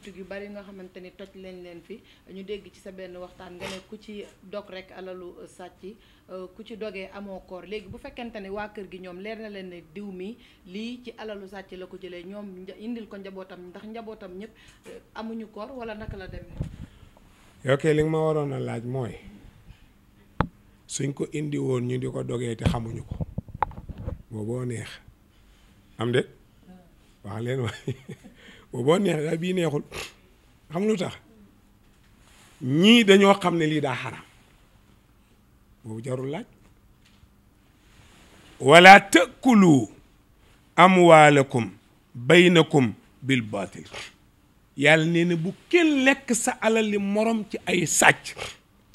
boutique yu bari nga xamante ni toj leen leen fi ñu dégg ci sa benn waxtaan nga ne ku ci dog rek alalu sàcc euh, ku ci dogee amoo koor léegi bu fekkente ni waa kër gi ñoom leer na leen ne diw mi lii ci alalu sàcc la ko jëlee ñoom indil ko njabootam ndax njabootam ñëpp euh, amuñu koor wala naka la demee. ok li nga ma waroon a laaj mooy suñ ko indi woon ñu di ko dogee te xamuñu ko booboo neex am de ah. wax leen waay booboo neex la bii neexul xam lu tax ñii dañoo xam ne lii daa xaraam boobu jarul laaj wala takulu amwaalakum baynakum bil batil yàlla nee na bu kenn lekk sa alal li morom ci ay sàcc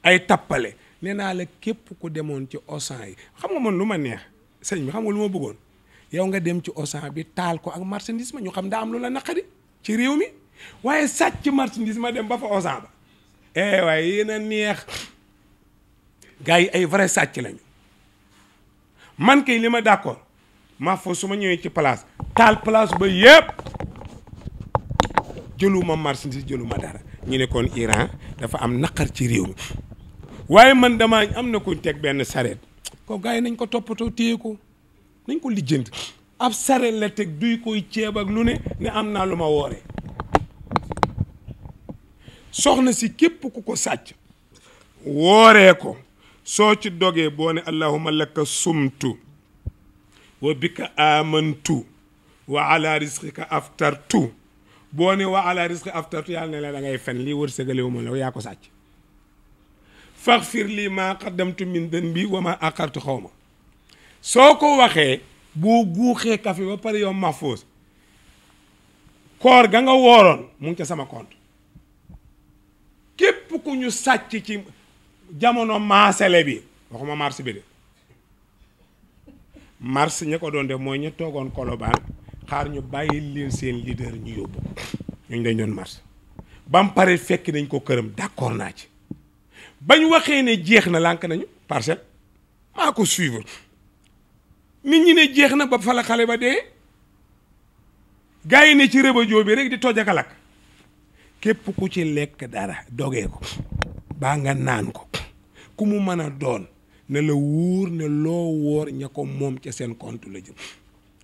ay tappale nee naa la képp ku demoon ci osan yi xam nga man lu ma neex sëñ mi xam nga lu ma bëggoon yow nga dem ci osan bi taal ko ak marchandise ma ñu xam daa am lu la naqari ci réew mi waaye sàcc marchandise ma dem ba fa osan ba eh waaye yéen a neex gars yi ay vrai sàcc lañu man kay li ma d'accord maa foofu su ma ñëwee ci place taal place ba yëpp jëluma marchandise jëluma dara ñu ne kon Iran dafa am naqar ci réew mi waaye man damaa am na kuñ teg benn sareet ko gars yi nañ ko toppatoo téye ko nañ ko lijjanti ab sare la teg duy koy ceeb lu ne ne am naa lu ma woore soxna si képp ku ko sàcc woore ko soo ci dogee boo ne allahuma laka sumtu wa bika amantu wa ala risqika aftartu boo ne wa ala risqika aftartu yàlla ne la da ngay fen lii wërsëgalewu ma la yaa ko sàcc faxfir lii maa qaddamtu min dën bi wa ma aqartu xaw ma soo ko waxee boo guuxee café ba pare yow Mahfouz koor ga nga wooroon mu ngi ca sama compte képp ku ñu sàcc ci jamono maasale bi waxuma mars bi de mars ña ko doon def mooy ñu toogoon kolobaan xaar ñu bàyyi leen seen leader ñu yóbbu ñu dañ doon mars ba mu pare fekk nañ ko këram d'accord naa ci bañ waxee ne jeex na lànk nañu parcelle maa ko suivre nit ñi ne jeex na ba fa la xale ba de gars yi ne ci rëbëjoo bi rek di toj ak lakk képp ku ci lekk dara dogee ko baa nga naan ko ku mu mën a doon ne la wóor ne loo woor ña ko moom ca seen compte la jëm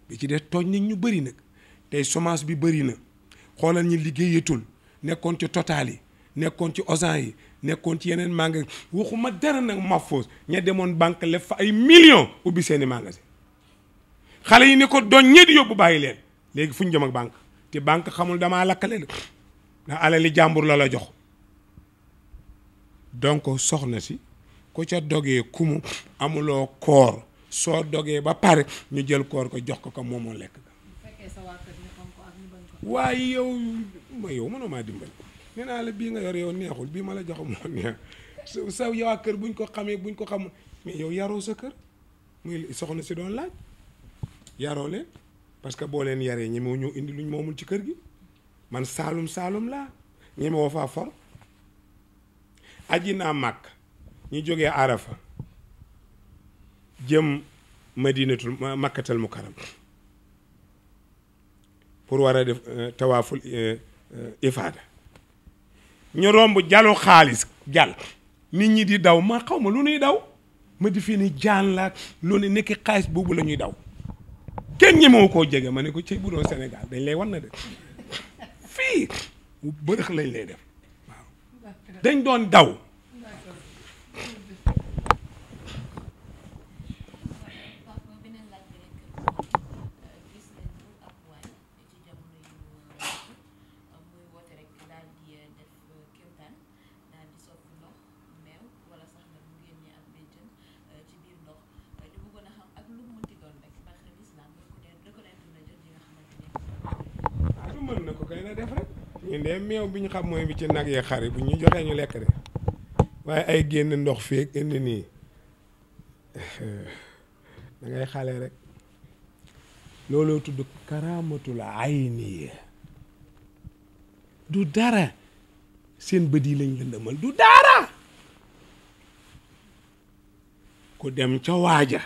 bi ci des tooñ nañ ñu bëri nag tey chômage bi bëri na xoolal ñi liggéeyatul nekkoon ci Total yi nekkoon ci Auchan yi nekkoon ci yeneen magasin waxuma dara nag Mafos ña demoon banque lef fa ay millions ubbi seeni magasin xale yi ni ko doñ ñee di yóbbu bàyyi leen léegi fu ñu jëm ak banque te bànk xamul damaa lakkale la ndax alali jàmbur la la jox donc soxna si ku ca dogee kumu amuloo koor soo dogee ba pare ñu jël koor ko jox ko ko moomoo lekk waaye yow ma yow mënoo maa dimbali nee naa bii nga yor yow neexul bii ma la jox moo neex sa yow waa kër buñ ko xamee buñ ko xamul mais yow yaroo sa kër muy soxna si doon laaj yaroo leen parce que boo leen yaree ñemewu ñoo indi lu ñu moomul ci kër gi man saalum saalum laa ñemewoo faa for aji naa màkk ñu jógee arafa jëm madinatul makkatal mukarram pour war a def euh, tawaaful euh, euh, ifaada ñu romb jaloo xaalis jàll nit ñi di daw ma xaw ma lu ñuy daw ma di fii ni jaan laa loolu nekk xaalis boobu la ñuy daw kenn ñemewu koo jege ma ne ko ci bu doon Sénégal dañ lay wan na de fii bërëx lañ lay def waaw dañ doon daw a def rek ñun de meew bi ñu xam mooy bi ci nag yee xar yi bu ñu joxee ñu lekk de waaye ay génn ndox feeg indi nii da xale rek looloo tudd karaamatul ayni du dara seen bët yi lañ lëndëmal du dara ku dem ca waaja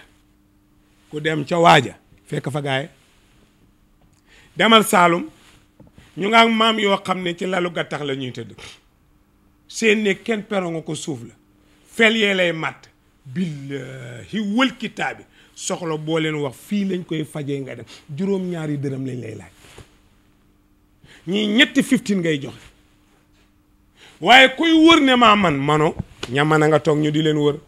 ku dem ca waaja fekk fa gaay demal Saalum ñu nga ak maam yoo xam ne ci lalu gattax la ñuy tëdd seen ne kenn peronga ko suuf la fel yee lay màtt billahi wël kitaabi soxla boo leen wax fii lañ koy fajee nga dem juróom ñaari dërëm lañ lay laaj ñii ñetti fifteen ngay joxe waaye kuy wër ne maa man mano ña a nga toog ñu di leen wër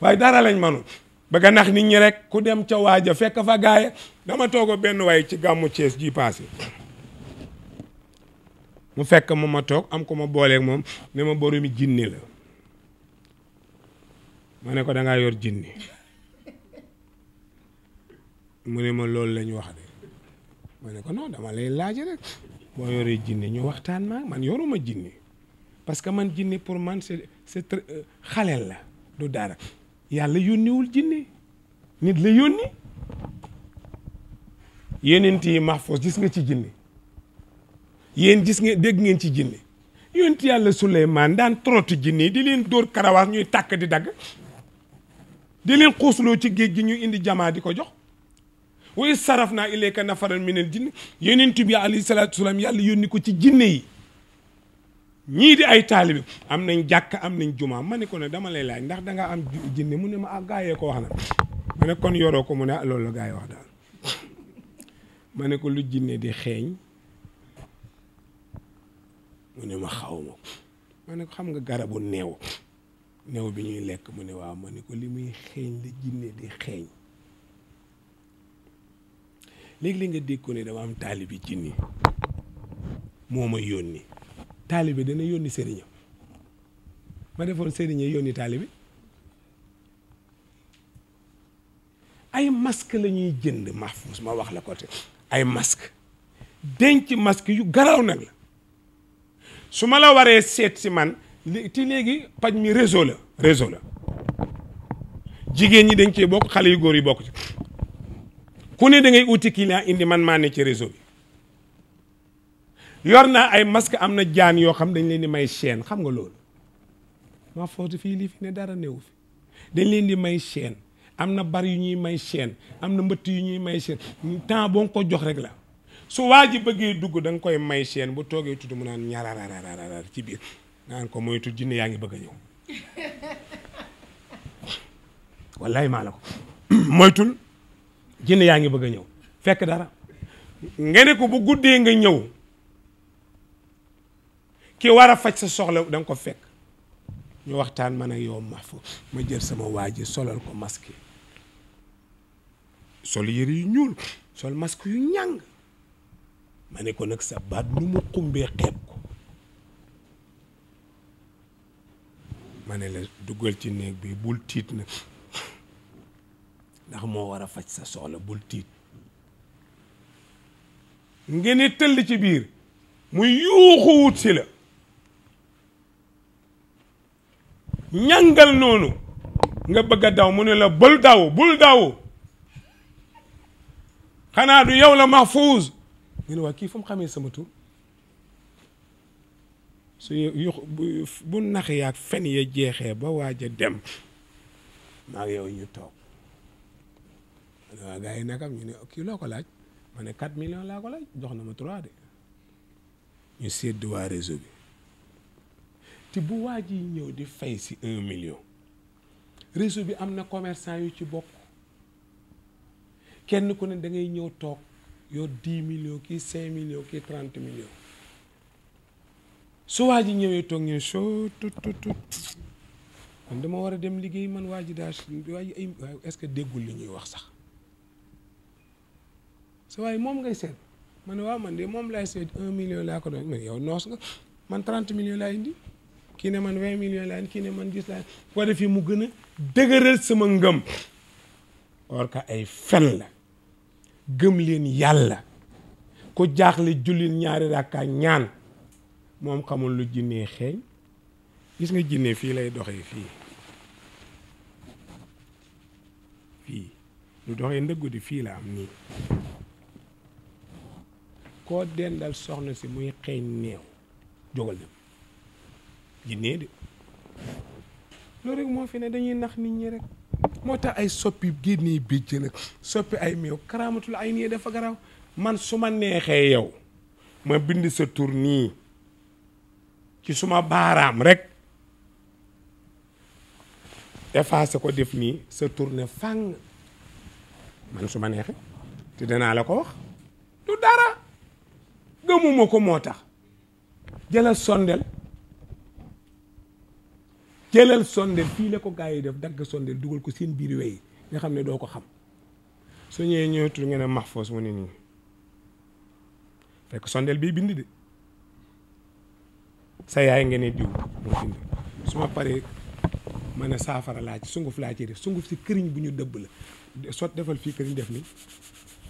waaye dara lañ manu bëgg a nax nit ñi rek ku dem ca waaja fekk fa gaaya dama toogo benn waaye ci gàmmu Cees ji passé mu fekk ma ma toog am ko ma booleeg moom ne ma boroomi jinni la ma ne ko da ngaa yor jinni mu ne ma loolu la ñu wax de ma ne ko non dama lay laaj rek boo yoree jinni ñu waxtaan maa man yoruma jinni parce que man jinni pour man c'est c'est euh, xaleel la du dara yàlla yónniwul jinni nit la yónni yonent yi mahfuz gis nga ci jinni yéen gis ngeen dégg ngeen ci jinne yonent yàlla Suleymaan daan trotti jinne yi di leen dóor karawaas ñuy tàkk di dagg di leen xuusloo ci géej gi ñu indi jamaa di ko jox wa iz sarafnaa ilayka nafaran minal jinni yonent bi alayhi salaatu wasalaam yàlla yónni ko ci jinne yi ñii di ay taalibi am nañ jàkk am nañ jumaa ma ne ko ne dama lay laaj ndax da nga am jinne mu ne ma ah gaayee ko wax na ma ne kon yoroo ko mu ne ah, loolu la gaay wax daal ma ne ko lu jinne di xeeñ mu ne ma xaw ma ma ne ko xam nga garabu neew neew bi ñuy lekk mu ne waaw ma ne ko li muy xeeñ la jinne di xeeñ léegi li nga dégg ko ne dama am taalibi jinni moo ma yónni taalibi dana yónni sëriñam ma defoon sëriñe yónni taalibi ay masque la ñuy jënd Mahfouz suma wax la ko te ay masque denc masque yu garaw nag la su ma la waree seet si man li ci léegi paj mi réseau la réseau la jigéen ñi dañ cee bokk xale yu góor yi bokk ci ku ne da ngay kii client indi man maa ne ci réseau bi yor naa ay masque am na jaan yoo xam dañ leen di may chaîne xam nga loolu maa footu fii lii fi ne a newu fi dañ leen di may chaîne am na bar yu ñuy may chaîne am na mbëtt yu ñuy may chaîne temps boo ko jox rek la su waa ji bëggee dugg da nga koy may seen bu toogee tudd mu naan ñarararararar ci biir naan ko moytu jinne yaa ngi bëgg a ko moytul jinne yaa ngi bëgg a ñëw fekk dara nga ne ko bu guddee nga ñëw ki war a faj sa soxla danga ko fekk ñu waxtaan man ak yow ma ma jël sama waa solal ko masque sol yëre yu ñuul sol masque yu ñàng mane ko nag sa baat nu mu xumbee ko ma ne la duggal ci néeg bi bul tiit nag ndax moo war a faj sa soxla bul tiit ngeen di tëll ci biir mu yuuxu wut si la ñàngal noonu nga bëgg a daw mu ne la bul daw bul daw xanaa du yow la Mahfouz ñu ne waa kii fu mu xamee sama tur su yu bu nax yaag fen ya jeexee ba waaj a dem maa ngi yow ñu toog waaw gars ñu ne kii loo ko laaj ma ne 4 millions laa na ma 3 de ñu sédd waa réseau bi te bu waa ji ñëw di fay si 1 million réseau bi am na commerçant yu ci bokk kenn ku ne da ngay ñëw toog yow 10 millions kii cinq millions kii 30 millions su waa ji ñëwee toog ñu soo tut war a dem liggéey man waa ji daa waa ji est-ce que déggul li ñuy wax sax sa waaye moom ngay seet ma ne waaw man de moom laay seet 1 million laa ko doon yow noos nga man 30 millions laay indi kii ne man 20 millions laay indi kii ne man gis laa ko defee mu gën a dëgëral sama ngëm or que ay fen la gëm leen yàlla ku jaaxle jullil ñaari rakka ñaan moom xamul lu jinnee xeeñ gis nga jinne fii lay doxee fii fii lu doxee ndëggu di fii la am nii koo dendal soxna si muy xeeñ neew jógal dem jinnee de loolu rek moo fi ne dañuy nax nit ñi rek moo tax ay soppi génnee béjjën ak soppi ay meew karaamatul ay nii dafa garaaw man su ma neexee yow ma bind sa tur nii ci suma baaraam rek effacé ko def nii sa tur ne fàng man su ma neexee te danaa la ko wax du dara gëmuma ko moo tax jëlal sondel jëlal sondel fii la ko gars yi def dagg sondel dugal ko seen biir wey nga xam ne doo ko xam su ñëwee ñëwatul nga ne Mahfouz bind de sa yaay nga ne diw ne saafara laa sunguf laa sunguf si këriñ bu ñu dëbb la sot defal fii këriñ def ni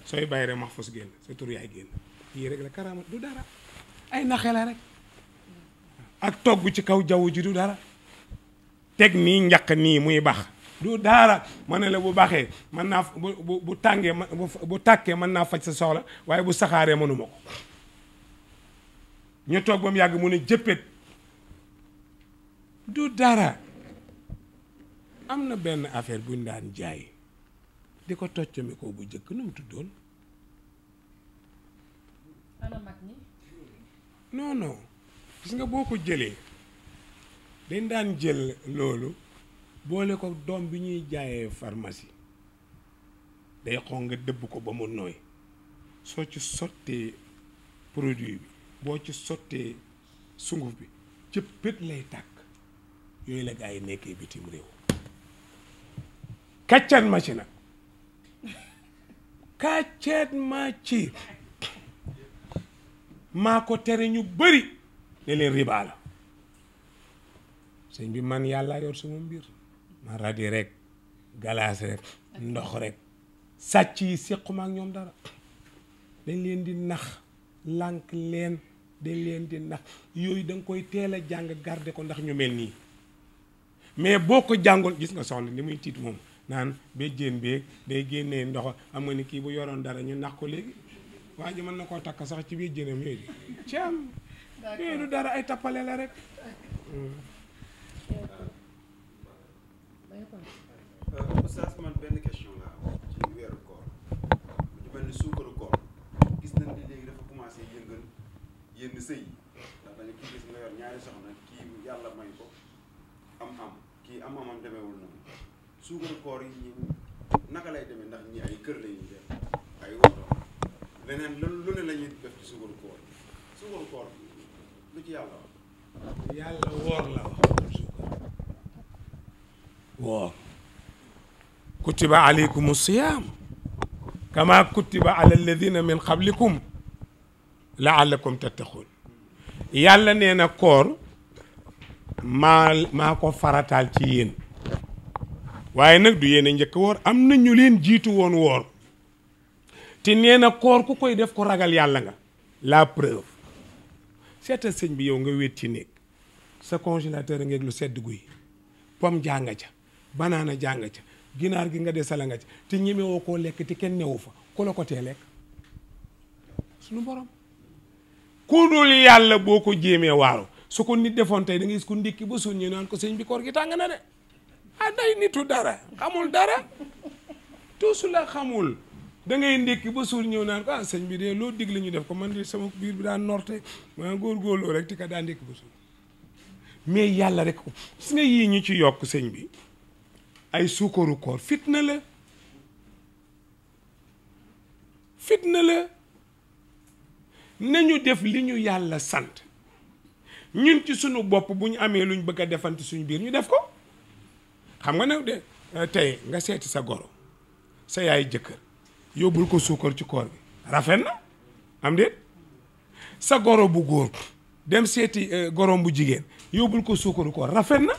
sooy bàyyi rek Mahfouz génn sa tur yaay génn yii rek la karaama du dara ay naxe rek ak togg ci kaw jaww ji du dara teg nii njaq nii muy baax du daara ma ne la bu baaxee mën naa bu bu tàngee bu tàkkee mën naa faj sa soxla waaye bu saxaaree mënu ko ñu toog ba mu yàgg mu ne jëppet du dara am na benn affaire buñ daan jaay di ko toccami bu jëkk nu mu tuddoon non non gis nga boo ko jëlee dañ daan jël loolu boole ko doom bi ñuy jaayee pharmacie day xon nga dëbb ko ba mu nooy soo ci sottee produit bi boo ci sottee sunguf bi ci pét lay tàkk yooyu la gaa yi nekkee bitim réew kàccat ma ci nag kàccat ma ci maa ko tere ñu bari ne leen riba la sëñ bi man yàlla yor sama mbir ma radi rek galaas rek ndox rek sàcc yi séquma ñoom dara dañ leen di nax lànk leen dañ leen di nax yooyu da nga koy teel a jàng garde ko ndax ñu mel nii mais boo ko jàngoon gis nga soxna li muy tiit moom naan béjjéen beeg day génnee ndox am nga ni kii bu yoroon dara ñu nax ko léegi waa ji mën na koo takk sax ci béjjéenam yooyu ci am yooyu du dara ay tappale la rek Oustaz euh, benn question la ci weeru koor lu ci suukaru koor gis nañ ni léegi dafa commencé yëngal yenn sëy yi ndax dañu kii gis nga yor ñaari soxna kii yàlla may ko am-am kii am-amam demeewul suukaru koor yi ñi naka lay demee ndax ñi ay kër la ñuy def ay ne ci suukaru koor lu ci yàlla wax. yàlla woor la wax suukar. woor kutiba alaykum siyaam kama kutiba ala alladina min qablikum laallakum tattaquun yàlla nee na koor maa maa ko farataal ci yéen waaye nag du yéen njëkk woor am na ñu leen jiitu woon woor te nee na koor ku koy def ko ragal yàlla nga la preuve seetal sëñ bi yow nga wéet ci sa congélateur a ngeeg lu sedd guy pom jaa nga ca banaana jàng ca ginaar gi nga desala nga ca te ñemewoo koo lekk ti kenn newu fa ku la ko tee lekk suñu borom ku dul yàlla boo ko jéemee waaru su ko nit defoon tey da ngay gis ku ba suñ ñu naan ko sëñ bi koor gi tàng na de ah day nitu dara xamul dara tuusu la xamul da ngay ndékki ba suur ñëw naan ko ah sëñ bi de loo digle ñu def ko man de sama biir bi daan norte ma góorgóorloo rek ti ka daa ndékki ba suur mais yàlla rek ko gis nga yii ñu ci yokk sëñ bi ay suukaru koor fitna la fitna la nañu def li ñu yàlla sant ñun ci suñu bopp bu ñu amee lu luñ bëgg a defanti suñu biir ñu def ko xam nga ne de euh, tey nga seeti sa goro sa yaay jëkkër yóbbul ko suukaru ci koor bi rafet na am déet sa goro bu góor dem seeti euh, gorom bu jigéen yóbbul ko suukaru koor rafet na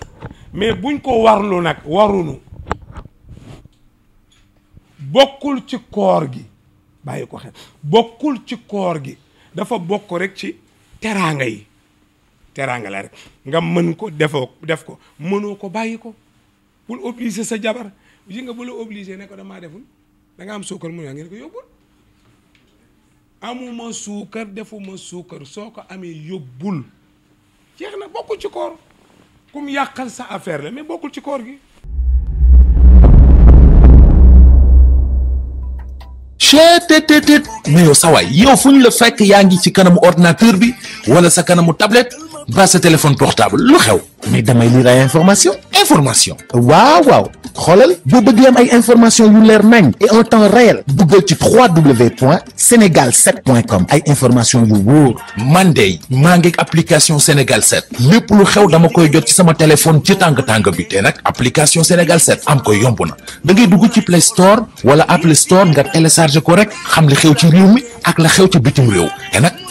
mais buñ koo warlu nag warunu bokkul ci koor gi bàyyi ko xel bokkul ci koor gi dafa bokk rek ci teraanga yi teraanga la rek nga mën ko defoo def ko mënoo ko bàyyi ko bul obliger sa jabar ji nga bu la obliger ne ko damaa deful da am suukar mu yaa ngeen ko yóbbul amuma suukar defuma suukar soo ko amee yóbbul jeex na bokkul ci koor ku mu yàqal sa affaire la mais bokkul ci koor gi. cheetetetet mais yow sa yow fu la fekk yaa ngi ci kanamu ordinateur bi wala sa kanamu tablet mbaa sa téléphone portable lu xew mais damay lire ay information information waaw waaw xoolal boo bëgg am ay information yu leer nañ et en temps réel duggal ci www.senegal7.com ay information yu wóor man de maa ngi application Sénégal 7 lépp lu xew dama koy jot ci sama téléphone ci tàng tàng bi te nag application Sénégal 7 am ko yomb na da ngay dugg ci Play Store wala Apple Store nga télécharge ko rek xam la xew ci réew mi ak la xew ci bitim réew